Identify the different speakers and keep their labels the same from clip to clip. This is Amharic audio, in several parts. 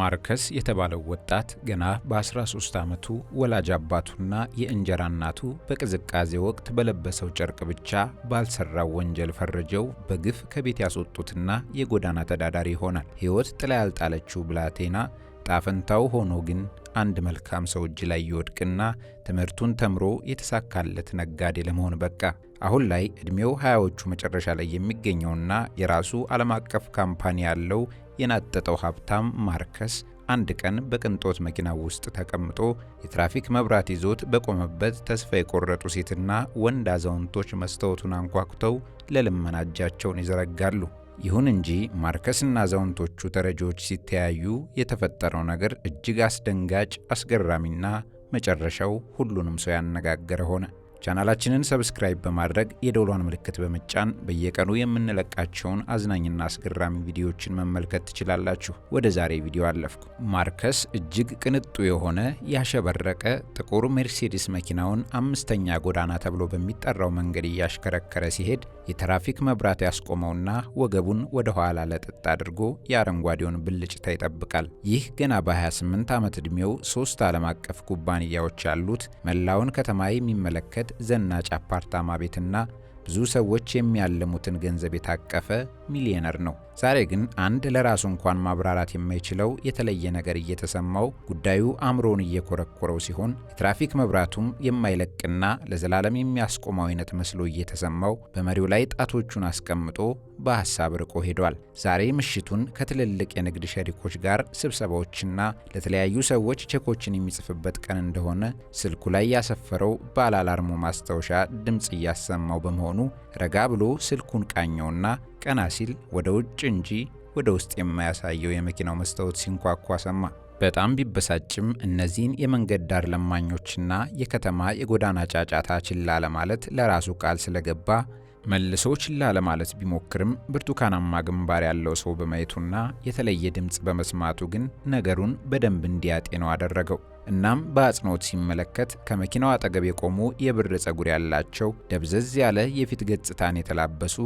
Speaker 1: ማርከስ የተባለው ወጣት ገና በ13 ዓመቱ ወላጅ አባቱና የእንጀራ እናቱ በቅዝቃዜ ወቅት በለበሰው ጨርቅ ብቻ ባልሰራው ወንጀል ፈርጀው በግፍ ከቤት ያስወጡትና የጎዳና ተዳዳሪ ይሆናል። ሕይወት ጥላ ያልጣለችው ብላቴና ጣፈንታው ሆኖ ግን አንድ መልካም ሰው እጅ ላይ ይወድቅና ትምህርቱን ተምሮ የተሳካለት ነጋዴ ለመሆን በቃ። አሁን ላይ ዕድሜው ሀያዎቹ መጨረሻ ላይ የሚገኘውና የራሱ ዓለም አቀፍ ካምፓኒ ያለው የናጠጠው ሀብታም ማርከስ አንድ ቀን በቅንጦት መኪና ውስጥ ተቀምጦ የትራፊክ መብራት ይዞት በቆመበት ተስፋ የቆረጡ ሴትና ወንድ አዛውንቶች መስታወቱን አንኳኩተው ለልመና እጃቸውን ይዘረጋሉ። ይሁን እንጂ ማርከስና አዛውንቶቹ ተረጂዎች ሲተያዩ የተፈጠረው ነገር እጅግ አስደንጋጭ፣ አስገራሚና መጨረሻው ሁሉንም ሰው ያነጋገረ ሆነ። ቻናላችንን ሰብስክራይብ በማድረግ የደውሏን ምልክት በመጫን በየቀኑ የምንለቃቸውን አዝናኝና አስገራሚ ቪዲዮዎችን መመልከት ትችላላችሁ። ወደ ዛሬ ቪዲዮ አለፍኩ። ማርከስ እጅግ ቅንጡ የሆነ ያሸበረቀ ጥቁር ሜርሴዲስ መኪናውን አምስተኛ ጎዳና ተብሎ በሚጠራው መንገድ እያሽከረከረ ሲሄድ የትራፊክ መብራት ያስቆመውና ወገቡን ወደ ኋላ ለጥጥ አድርጎ የአረንጓዴውን ብልጭታ ይጠብቃል። ይህ ገና በ28 ዓመት ዕድሜው ሶስት ዓለም አቀፍ ኩባንያዎች ያሉት መላውን ከተማ የሚመለከት ዘናጭ አፓርታማ ቤትና ብዙ ሰዎች የሚያልሙትን ገንዘብ የታቀፈ ሚሊዮነር ነው። ዛሬ ግን አንድ ለራሱ እንኳን ማብራራት የማይችለው የተለየ ነገር እየተሰማው ጉዳዩ አእምሮውን እየኮረኮረው ሲሆን የትራፊክ መብራቱም የማይለቅና ለዘላለም የሚያስቆመው አይነት መስሎ እየተሰማው በመሪው ላይ ጣቶቹን አስቀምጦ በሐሳብ ርቆ ሄዷል። ዛሬ ምሽቱን ከትልልቅ የንግድ ሸሪኮች ጋር ስብሰባዎችና ለተለያዩ ሰዎች ቼኮችን የሚጽፍበት ቀን እንደሆነ ስልኩ ላይ ያሰፈረው ባለ አላርሙ ማስታወሻ ድምፅ እያሰማው በመሆኑ ረጋ ብሎ ስልኩን ቃኘውና ቀና ሲል ወደ ውጭ እንጂ ወደ ውስጥ የማያሳየው የመኪናው መስታወት ሲንኳኳ ሰማ። በጣም ቢበሳጭም እነዚህን የመንገድ ዳር ለማኞችና የከተማ የጎዳና ጫጫታ ችላ ለማለት ለራሱ ቃል ስለገባ መልሶ ችላ ለማለት ቢሞክርም ብርቱካናማ ግንባር ያለው ሰው በማየቱና የተለየ ድምፅ በመስማቱ ግን ነገሩን በደንብ እንዲያጤነው አደረገው። እናም በአጽንኦት ሲመለከት ከመኪናው አጠገብ የቆሙ የብር ጸጉር ያላቸው ደብዘዝ ያለ የፊት ገጽታን የተላበሱ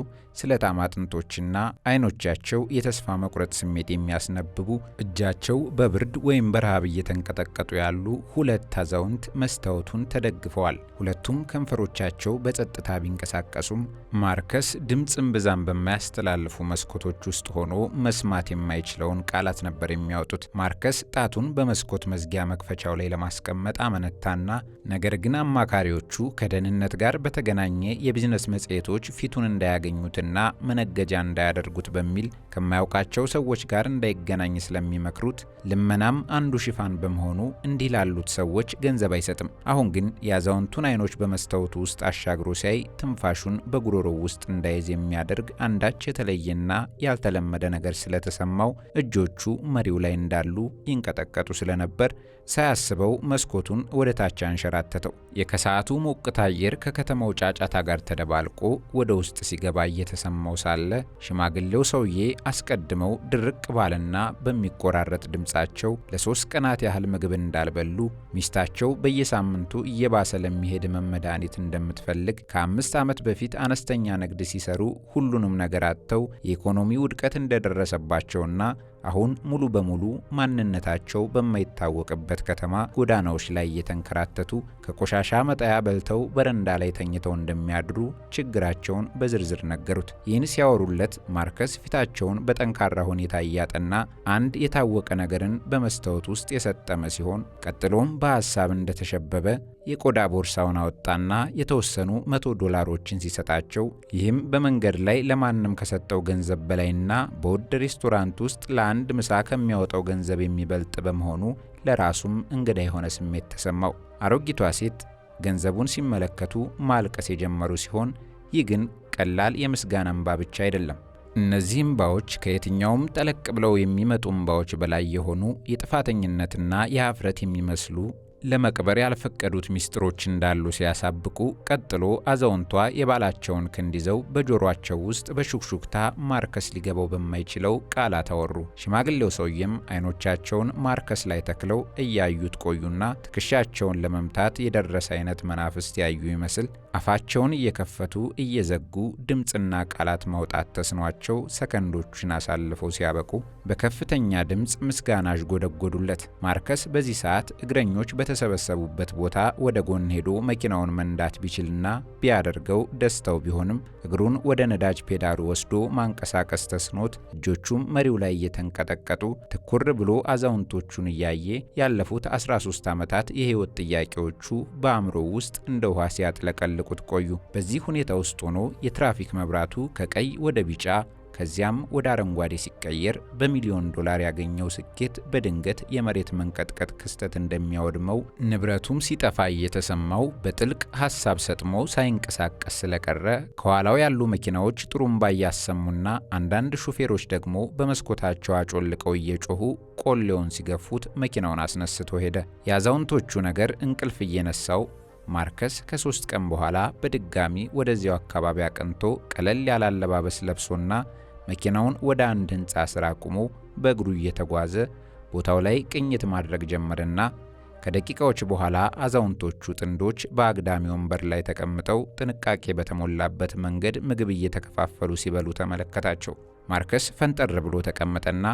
Speaker 1: ስለታም አጥንቶችና አይኖቻቸው የተስፋ መቁረጥ ስሜት የሚያስነብቡ እጃቸው በብርድ ወይም በረሃብ እየተንቀጠቀጡ ያሉ ሁለት አዛውንት መስታወቱን ተደግፈዋል። ሁለቱም ከንፈሮቻቸው በጸጥታ ቢንቀሳቀሱም ማርከስ ድምፅን ብዛም በማያስተላልፉ መስኮቶች ውስጥ ሆኖ መስማት የማይችለውን ቃላት ነበር የሚያወጡት። ማርከስ ጣቱን በመስኮት መዝጊያ መክፈቻው መጨረሻው ላይ ለማስቀመጥ አመነታና ነገር ግን አማካሪዎቹ ከደህንነት ጋር በተገናኘ የቢዝነስ መጽሔቶች ፊቱን እንዳያገኙትና መነገጃ እንዳያደርጉት በሚል ከማያውቃቸው ሰዎች ጋር እንዳይገናኝ ስለሚመክሩት ልመናም አንዱ ሽፋን በመሆኑ እንዲህ ላሉት ሰዎች ገንዘብ አይሰጥም። አሁን ግን የአዛውንቱን አይኖች በመስታወቱ ውስጥ አሻግሮ ሲያይ ትንፋሹን በጉሮሮው ውስጥ እንዳይዝ የሚያደርግ አንዳች የተለየና ያልተለመደ ነገር ስለተሰማው እጆቹ መሪው ላይ እንዳሉ ይንቀጠቀጡ ስለነበር ሳያስ ሳያስበው መስኮቱን ወደ ታች አንሸራተተው። የከሰዓቱ ሞቅታ አየር ከከተማው ጫጫታ ጋር ተደባልቆ ወደ ውስጥ ሲገባ እየተሰማው ሳለ ሽማግሌው ሰውዬ አስቀድመው ድርቅ ባልና በሚቆራረጥ ድምፃቸው ለሶስት ቀናት ያህል ምግብ እንዳልበሉ ሚስታቸው በየሳምንቱ እየባሰ ለሚሄድ መመድኃኒት እንደምትፈልግ ከአምስት ዓመት በፊት አነስተኛ ንግድ ሲሰሩ ሁሉንም ነገር አጥተው የኢኮኖሚ ውድቀት እንደደረሰባቸውና አሁን ሙሉ በሙሉ ማንነታቸው በማይታወቅበት ከተማ ጎዳናዎች ላይ እየተንከራተቱ ከቆሻሻ መጣያ በልተው በረንዳ ላይ ተኝተው እንደሚያድሩ ችግራቸውን በዝርዝር ነገሩት። ይህን ሲያወሩለት ማርከስ ፊታቸውን በጠንካራ ሁኔታ እያጠና አንድ የታወቀ ነገርን በመስታወት ውስጥ የሰጠመ ሲሆን ቀጥሎም በሐሳብ እንደተሸበበ የቆዳ ቦርሳውን አወጣና የተወሰኑ መቶ ዶላሮችን ሲሰጣቸው ይህም በመንገድ ላይ ለማንም ከሰጠው ገንዘብ በላይና በውድ ሬስቶራንት ውስጥ ለአንድ ምሳ ከሚያወጣው ገንዘብ የሚበልጥ በመሆኑ ለራሱም እንግዳ የሆነ ስሜት ተሰማው። አሮጊቷ ሴት ገንዘቡን ሲመለከቱ ማልቀስ የጀመሩ ሲሆን ይህ ግን ቀላል የምስጋና እንባ ብቻ አይደለም። እነዚህ እምባዎች ከየትኛውም ጠለቅ ብለው የሚመጡ እምባዎች በላይ የሆኑ የጥፋተኝነትና የአፍረት የሚመስሉ ለመቅበር ያልፈቀዱት ሚስጥሮች እንዳሉ ሲያሳብቁ፣ ቀጥሎ አዛውንቷ የባላቸውን ክንድ ይዘው በጆሯቸው ውስጥ በሹክሹክታ ማርከስ ሊገባው በማይችለው ቃላት አወሩ። ሽማግሌው ሰውዬም አይኖቻቸውን ማርከስ ላይ ተክለው እያዩት ቆዩና ትከሻቸውን ለመምታት የደረሰ አይነት መናፍስት ያዩ ይመስል አፋቸውን እየከፈቱ እየዘጉ ድምፅና ቃላት ማውጣት ተስኗቸው ሰከንዶችን አሳልፈው ሲያበቁ በከፍተኛ ድምፅ ምስጋና አዥጎደጎዱለት። ማርከስ በዚህ ሰዓት እግረኞች በተ የተሰበሰቡበት ቦታ ወደ ጎን ሄዶ መኪናውን መንዳት ቢችልና ቢያደርገው ደስታው ቢሆንም እግሩን ወደ ነዳጅ ፔዳሉ ወስዶ ማንቀሳቀስ ተስኖት እጆቹም መሪው ላይ እየተንቀጠቀጡ ትኩር ብሎ አዛውንቶቹን እያየ ያለፉት 13 ዓመታት የሕይወት ጥያቄዎቹ በአእምሮ ውስጥ እንደ ውሃ ሲያጥለቀልቁት ቆዩ። በዚህ ሁኔታ ውስጥ ሆኖ የትራፊክ መብራቱ ከቀይ ወደ ቢጫ ከዚያም ወደ አረንጓዴ ሲቀየር በሚሊዮን ዶላር ያገኘው ስኬት በድንገት የመሬት መንቀጥቀጥ ክስተት እንደሚያወድመው ንብረቱም ሲጠፋ እየተሰማው በጥልቅ ሀሳብ ሰጥሞ ሳይንቀሳቀስ ስለቀረ ከኋላው ያሉ መኪናዎች ጥሩምባ እያሰሙና አንዳንድ ሹፌሮች ደግሞ በመስኮታቸው አጮልቀው እየጮሁ ቆሌውን ሲገፉት መኪናውን አስነስቶ ሄደ። የአዛውንቶቹ ነገር እንቅልፍ እየነሳው ማርከስ ከሶስት ቀን በኋላ በድጋሚ ወደዚያው አካባቢ አቅንቶ ቀለል ያለ አለባበስ ለብሶና መኪናውን ወደ አንድ ሕንፃ ሥራ አቁሞ በእግሩ እየተጓዘ ቦታው ላይ ቅኝት ማድረግ ጀመረና። ከደቂቃዎች በኋላ አዛውንቶቹ ጥንዶች በአግዳሚ ወንበር ላይ ተቀምጠው ጥንቃቄ በተሞላበት መንገድ ምግብ እየተከፋፈሉ ሲበሉ ተመለከታቸው። ማርከስ ፈንጠር ብሎ ተቀመጠና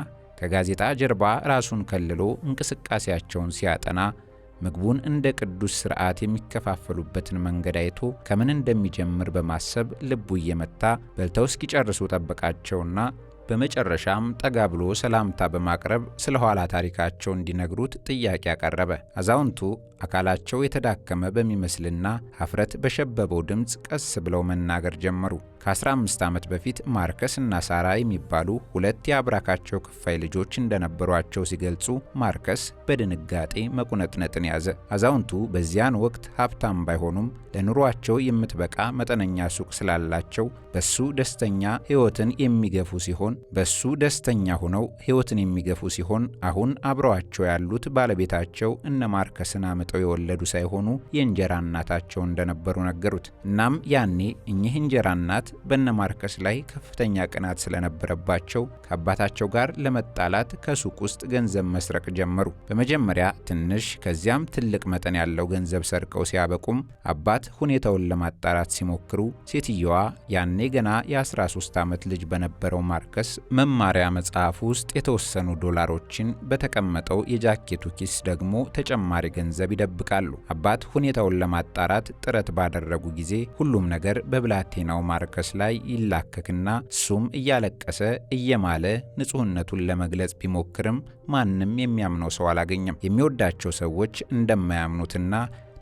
Speaker 1: ከጋዜጣ ጀርባ ራሱን ከልሎ እንቅስቃሴያቸውን ሲያጠና ምግቡን እንደ ቅዱስ ሥርዓት የሚከፋፈሉበትን መንገድ አይቶ ከምን እንደሚጀምር በማሰብ ልቡ እየመታ በልተው እስኪጨርሱ ጠበቃቸውና በመጨረሻም ጠጋ ብሎ ሰላምታ በማቅረብ ስለ ኋላ ታሪካቸው እንዲነግሩት ጥያቄ አቀረበ። አዛውንቱ አካላቸው የተዳከመ በሚመስልና ሀፍረት በሸበበው ድምፅ ቀስ ብለው መናገር ጀመሩ። ከ15 ዓመት በፊት ማርከስ እና ሳራ የሚባሉ ሁለት የአብራካቸው ክፋይ ልጆች እንደነበሯቸው ሲገልጹ ማርከስ በድንጋጤ መቁነጥነጥን ያዘ። አዛውንቱ በዚያን ወቅት ሀብታም ባይሆኑም ለኑሯቸው የምትበቃ መጠነኛ ሱቅ ስላላቸው በሱ ደስተኛ ሕይወትን የሚገፉ ሲሆን በሱ ደስተኛ ሆነው ሕይወትን የሚገፉ ሲሆን አሁን አብረዋቸው ያሉት ባለቤታቸው እነ ማርከስን አምጠው የወለዱ ሳይሆኑ የእንጀራ እናታቸው እንደነበሩ ነገሩት። እናም ያኔ እኚህ እንጀራ እናት በእነ ማርከስ ላይ ከፍተኛ ቅናት ስለነበረባቸው ከአባታቸው ጋር ለመጣላት ከሱቅ ውስጥ ገንዘብ መስረቅ ጀመሩ። በመጀመሪያ ትንሽ ከዚያም ትልቅ መጠን ያለው ገንዘብ ሰርቀው ሲያበቁም አባት ሁኔታውን ለማጣራት ሲሞክሩ ሴትየዋ ያኔ ገና የ13 ዓመት ልጅ በነበረው ማርከስ ሉካስ መማሪያ መጽሐፍ ውስጥ የተወሰኑ ዶላሮችን በተቀመጠው የጃኬቱ ኪስ ደግሞ ተጨማሪ ገንዘብ ይደብቃሉ። አባት ሁኔታውን ለማጣራት ጥረት ባደረጉ ጊዜ ሁሉም ነገር በብላቴናው ማርከስ ላይ ይላከክና እሱም እያለቀሰ እየማለ ንጹህነቱን ለመግለጽ ቢሞክርም ማንም የሚያምነው ሰው አላገኘም። የሚወዳቸው ሰዎች እንደማያምኑትና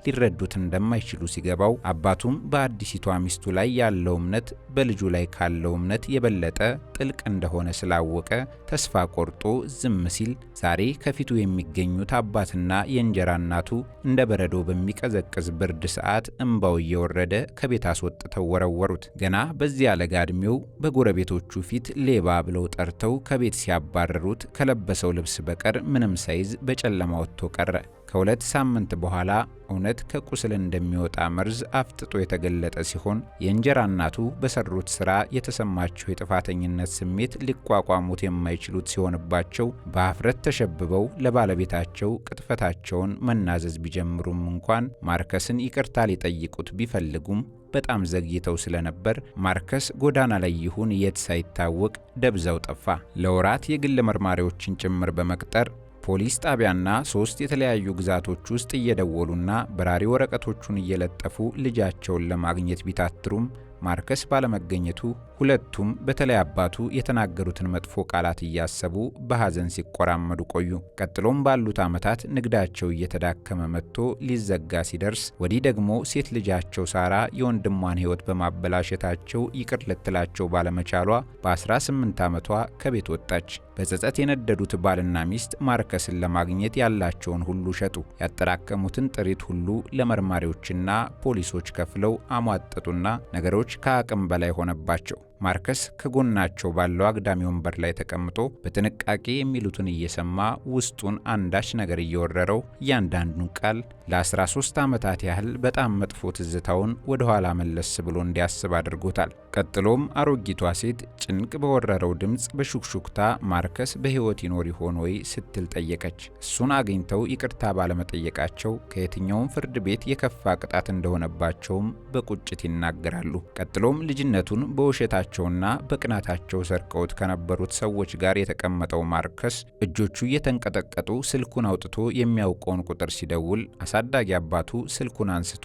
Speaker 1: ሊረዱት እንደማይችሉ ሲገባው አባቱም በአዲሲቷ ሚስቱ ላይ ያለው እምነት በልጁ ላይ ካለው እምነት የበለጠ ጥልቅ እንደሆነ ስላወቀ ተስፋ ቆርጦ ዝም ሲል ዛሬ ከፊቱ የሚገኙት አባትና የእንጀራ እናቱ እንደ በረዶ በሚቀዘቅዝ ብርድ ሰዓት እምባው እየወረደ ከቤት አስወጥተው ወረወሩት። ገና በዚያ ለጋ ዕድሜው በጎረቤቶቹ ፊት ሌባ ብለው ጠርተው ከቤት ሲያባረሩት ከለበሰው ልብስ በቀር ምንም ሳይዝ በጨለማ ወጥቶ ቀረ። ከሁለት ሳምንት በኋላ እውነት ከቁስል እንደሚወጣ መርዝ አፍጥጦ የተገለጠ ሲሆን የእንጀራ እናቱ በሰሩት ሥራ የተሰማቸው የጥፋተኝነት ስሜት ሊቋቋሙት የማይችሉት ሲሆንባቸው በአፍረት ተሸብበው ለባለቤታቸው ቅጥፈታቸውን መናዘዝ ቢጀምሩም እንኳን ማርከስን ይቅርታ ሊጠይቁት ቢፈልጉም በጣም ዘግይተው ስለነበር ማርከስ ጎዳና ላይ ይሁን የት ሳይታወቅ ደብዛው ጠፋ። ለወራት የግል መርማሪዎችን ጭምር በመቅጠር ፖሊስ ጣቢያና ሶስት የተለያዩ ግዛቶች ውስጥ እየደወሉና በራሪ ወረቀቶቹን እየለጠፉ ልጃቸውን ለማግኘት ቢታትሩም ማርከስ ባለመገኘቱ ሁለቱም በተለይ አባቱ የተናገሩትን መጥፎ ቃላት እያሰቡ በሐዘን ሲቆራመዱ ቆዩ። ቀጥሎም ባሉት ዓመታት ንግዳቸው እየተዳከመ መጥቶ ሊዘጋ ሲደርስ፣ ወዲህ ደግሞ ሴት ልጃቸው ሳራ የወንድሟን ሕይወት በማበላሸታቸው ይቅር ልትላቸው ባለመቻሏ በ18 ዓመቷ ከቤት ወጣች። በጸጸት የነደዱት ባልና ሚስት ማርከስን ለማግኘት ያላቸውን ሁሉ ሸጡ። ያጠራቀሙትን ጥሪት ሁሉ ለመርማሪዎችና ፖሊሶች ከፍለው አሟጠጡና ነገሮች ሰዎች ከአቅም በላይ ሆነባቸው። ማርከስ ከጎናቸው ባለው አግዳሚ ወንበር ላይ ተቀምጦ በጥንቃቄ የሚሉትን እየሰማ ውስጡን አንዳች ነገር እየወረረው እያንዳንዱን ቃል ለ13 ዓመታት ያህል በጣም መጥፎ ትዝታውን ወደ ኋላ መለስ ብሎ እንዲያስብ አድርጎታል። ቀጥሎም አሮጊቷ ሴት ጭንቅ በወረረው ድምፅ በሹክሹክታ ማርከስ በሕይወት ይኖር ይሆን ወይ ስትል ጠየቀች። እሱን አግኝተው ይቅርታ ባለመጠየቃቸው ከየትኛውም ፍርድ ቤት የከፋ ቅጣት እንደሆነባቸውም በቁጭት ይናገራሉ። ቀጥሎም ልጅነቱን በውሸታቸውና በቅናታቸው ሰርቀውት ከነበሩት ሰዎች ጋር የተቀመጠው ማርከስ እጆቹ እየተንቀጠቀጡ ስልኩን አውጥቶ የሚያውቀውን ቁጥር ሲደውል አሳ ታዳጊ አባቱ ስልኩን አንስቶ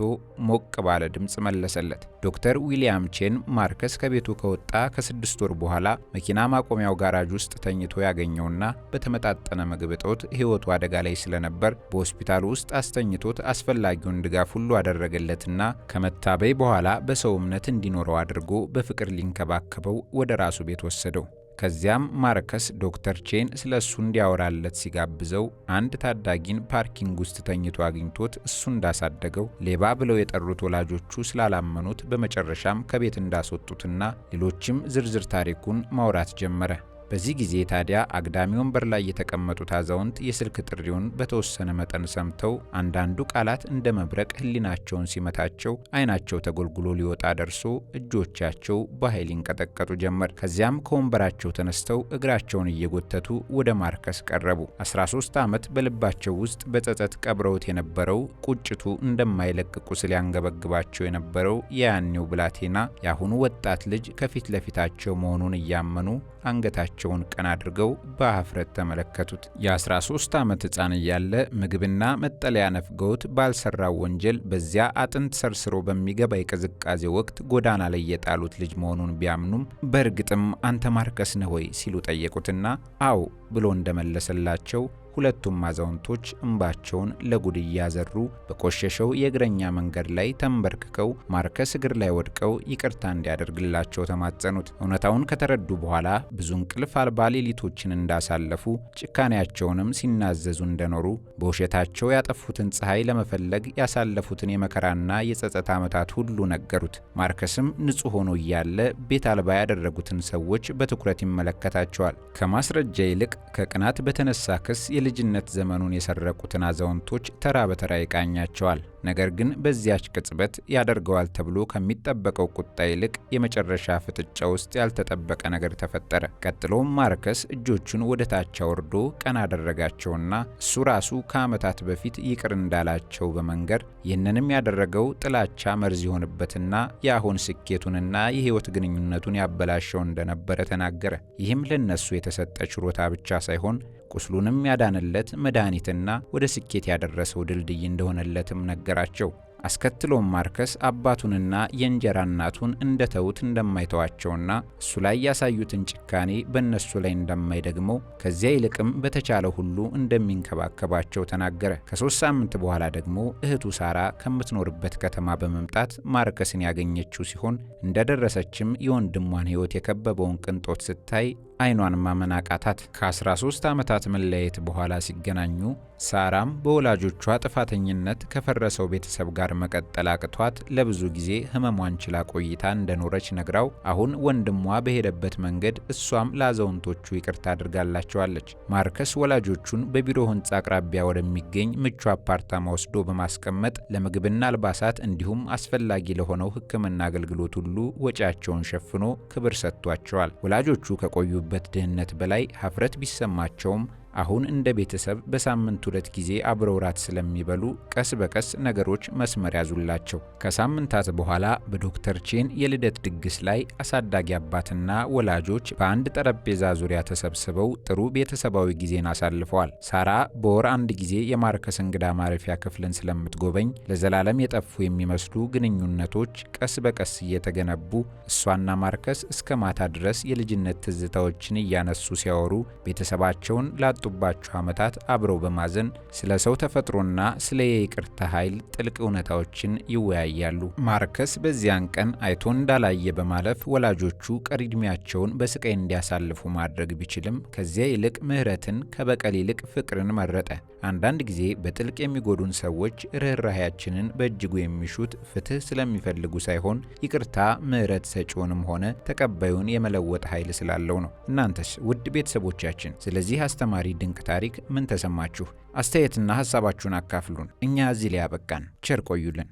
Speaker 1: ሞቅ ባለ ድምፅ መለሰለት። ዶክተር ዊሊያም ቼን ማርከስ ከቤቱ ከወጣ ከስድስት ወር በኋላ መኪና ማቆሚያው ጋራጅ ውስጥ ተኝቶ ያገኘውና በተመጣጠነ ምግብ እጦት ሕይወቱ አደጋ ላይ ስለነበር በሆስፒታሉ ውስጥ አስተኝቶት አስፈላጊውን ድጋፍ ሁሉ አደረገለትና ከመታበይ በኋላ በሰው እምነት እንዲኖረው አድርጎ በፍቅር ሊንከባከበው ወደ ራሱ ቤት ወሰደው። ከዚያም ማርከስ ዶክተር ቼን ስለ እሱ እንዲያወራለት ሲጋብዘው አንድ ታዳጊን ፓርኪንግ ውስጥ ተኝቶ አግኝቶት እሱ እንዳሳደገው ሌባ ብለው የጠሩት ወላጆቹ ስላላመኑት በመጨረሻም ከቤት እንዳስወጡትና ሌሎችም ዝርዝር ታሪኩን ማውራት ጀመረ። በዚህ ጊዜ ታዲያ አግዳሚ ወንበር ላይ የተቀመጡት አዛውንት የስልክ ጥሪውን በተወሰነ መጠን ሰምተው አንዳንዱ ቃላት እንደ መብረቅ ህሊናቸውን ሲመታቸው አይናቸው ተጎልጉሎ ሊወጣ ደርሶ እጆቻቸው በኃይል ይንቀጠቀጡ ጀመር። ከዚያም ከወንበራቸው ተነስተው እግራቸውን እየጎተቱ ወደ ማርከስ ቀረቡ። 13 ዓመት በልባቸው ውስጥ በጸጸት ቀብረውት የነበረው ቁጭቱ እንደማይለቅ ቁስል ያንገበግባቸው የነበረው የያኔው ብላቴና የአሁኑ ወጣት ልጅ ከፊት ለፊታቸው መሆኑን እያመኑ አንገታቸው አይናቸውን ቀና አድርገው በአፍረት ተመለከቱት። የ13 ዓመት ሕፃን እያለ ምግብና መጠለያ ነፍገውት ባልሰራው ወንጀል በዚያ አጥንት ሰርስሮ በሚገባ የቅዝቃዜ ወቅት ጎዳና ላይ የጣሉት ልጅ መሆኑን ቢያምኑም በእርግጥም አንተ ማርከስ ነህ ወይ ሲሉ ጠየቁትና አዎ ብሎ እንደመለሰላቸው ሁለቱም አዛውንቶች እንባቸውን ለጉድ እያዘሩ በቆሸሸው የእግረኛ መንገድ ላይ ተንበርክከው ማርከስ እግር ላይ ወድቀው ይቅርታ እንዲያደርግላቸው ተማጸኑት። እውነታውን ከተረዱ በኋላ ብዙ እንቅልፍ አልባ ሌሊቶችን እንዳሳለፉ ጭካኔያቸውንም ሲናዘዙ እንደኖሩ በውሸታቸው ያጠፉትን ፀሐይ ለመፈለግ ያሳለፉትን የመከራና የጸጸት ዓመታት ሁሉ ነገሩት። ማርከስም ንጹሕ ሆኖ እያለ ቤት አልባ ያደረጉትን ሰዎች በትኩረት ይመለከታቸዋል። ከማስረጃ ይልቅ ከቅናት በተነሳ ክስ የልጅነት ዘመኑን የሰረቁትን አዛውንቶች ተራ በተራ ይቃኛቸዋል። ነገር ግን በዚያች ቅጽበት ያደርገዋል ተብሎ ከሚጠበቀው ቁጣ ይልቅ የመጨረሻ ፍጥጫ ውስጥ ያልተጠበቀ ነገር ተፈጠረ። ቀጥሎም ማርከስ እጆቹን ወደ ታች አውርዶ ቀና አደረጋቸውና እሱ ራሱ ከዓመታት በፊት ይቅር እንዳላቸው በመንገር ይህንንም ያደረገው ጥላቻ መርዝ የሆንበትና የአሁን ስኬቱንና የሕይወት ግንኙነቱን ያበላሸው እንደነበረ ተናገረ። ይህም ለነሱ የተሰጠ ችሮታ ብቻ ሳይሆን ቁስሉንም ያዳነለት መድኃኒትና ወደ ስኬት ያደረሰው ድልድይ እንደሆነለትም ነገራቸው። አስከትሎም ማርከስ አባቱንና የእንጀራ እናቱን እንደ ተዉት እንደማይተዋቸውና እሱ ላይ ያሳዩትን ጭካኔ በእነሱ ላይ እንደማይደግመው ከዚያ ይልቅም በተቻለ ሁሉ እንደሚንከባከባቸው ተናገረ። ከሶስት ሳምንት በኋላ ደግሞ እህቱ ሳራ ከምትኖርበት ከተማ በመምጣት ማርከስን ያገኘችው ሲሆን እንደደረሰችም የወንድሟን ሕይወት የከበበውን ቅንጦት ስታይ አይኗን ማመን አቃታት። ከ13 ዓመታት መለየት በኋላ ሲገናኙ ሳራም በወላጆቿ ጥፋተኝነት ከፈረሰው ቤተሰብ ጋር መቀጠል አቅቷት ለብዙ ጊዜ ሕመሟን ችላ ቆይታ እንደኖረች ነግራው አሁን ወንድሟ በሄደበት መንገድ እሷም ለአዛውንቶቹ ይቅርታ አድርጋላቸዋለች። ማርከስ ወላጆቹን በቢሮ ሕንፃ አቅራቢያ ወደሚገኝ ምቹ አፓርታማ ወስዶ በማስቀመጥ ለምግብና አልባሳት እንዲሁም አስፈላጊ ለሆነው ሕክምና አገልግሎት ሁሉ ወጪያቸውን ሸፍኖ ክብር ሰጥቷቸዋል። ወላጆቹ ከቆዩ ከደረሱበት ድህነት በላይ ሀፍረት ቢሰማቸውም አሁን እንደ ቤተሰብ በሳምንት ሁለት ጊዜ አብረው ራት ስለሚበሉ ቀስ በቀስ ነገሮች መስመር ያዙላቸው። ከሳምንታት በኋላ በዶክተር ቼን የልደት ድግስ ላይ አሳዳጊ አባትና ወላጆች በአንድ ጠረጴዛ ዙሪያ ተሰብስበው ጥሩ ቤተሰባዊ ጊዜን አሳልፈዋል። ሳራ በወር አንድ ጊዜ የማርከስ እንግዳ ማረፊያ ክፍልን ስለምትጎበኝ ለዘላለም የጠፉ የሚመስሉ ግንኙነቶች ቀስ በቀስ እየተገነቡ እሷና ማርከስ እስከ ማታ ድረስ የልጅነት ትዝታዎችን እያነሱ ሲያወሩ ቤተሰባቸውን ላ በመጡባቸው ዓመታት አብረው በማዘን ስለ ሰው ተፈጥሮና ስለ የይቅርታ ኃይል ጥልቅ እውነታዎችን ይወያያሉ። ማርከስ በዚያን ቀን አይቶ እንዳላየ በማለፍ ወላጆቹ ቀሪ ዕድሜያቸውን በስቃይ እንዲያሳልፉ ማድረግ ቢችልም ከዚያ ይልቅ ምህረትን ከበቀል ይልቅ ፍቅርን መረጠ። አንዳንድ ጊዜ በጥልቅ የሚጎዱን ሰዎች ርኅራሄያችንን በእጅጉ የሚሹት ፍትህ ስለሚፈልጉ ሳይሆን ይቅርታ ምህረት ሰጪውንም ሆነ ተቀባዩን የመለወጥ ኃይል ስላለው ነው። እናንተስ ውድ ቤተሰቦቻችን ስለዚህ አስተማሪ ድንቅ ታሪክ ምን ተሰማችሁ? አስተያየትና ሀሳባችሁን አካፍሉን። እኛ እዚህ ላይ ያበቃን። ቸር ቆዩልን።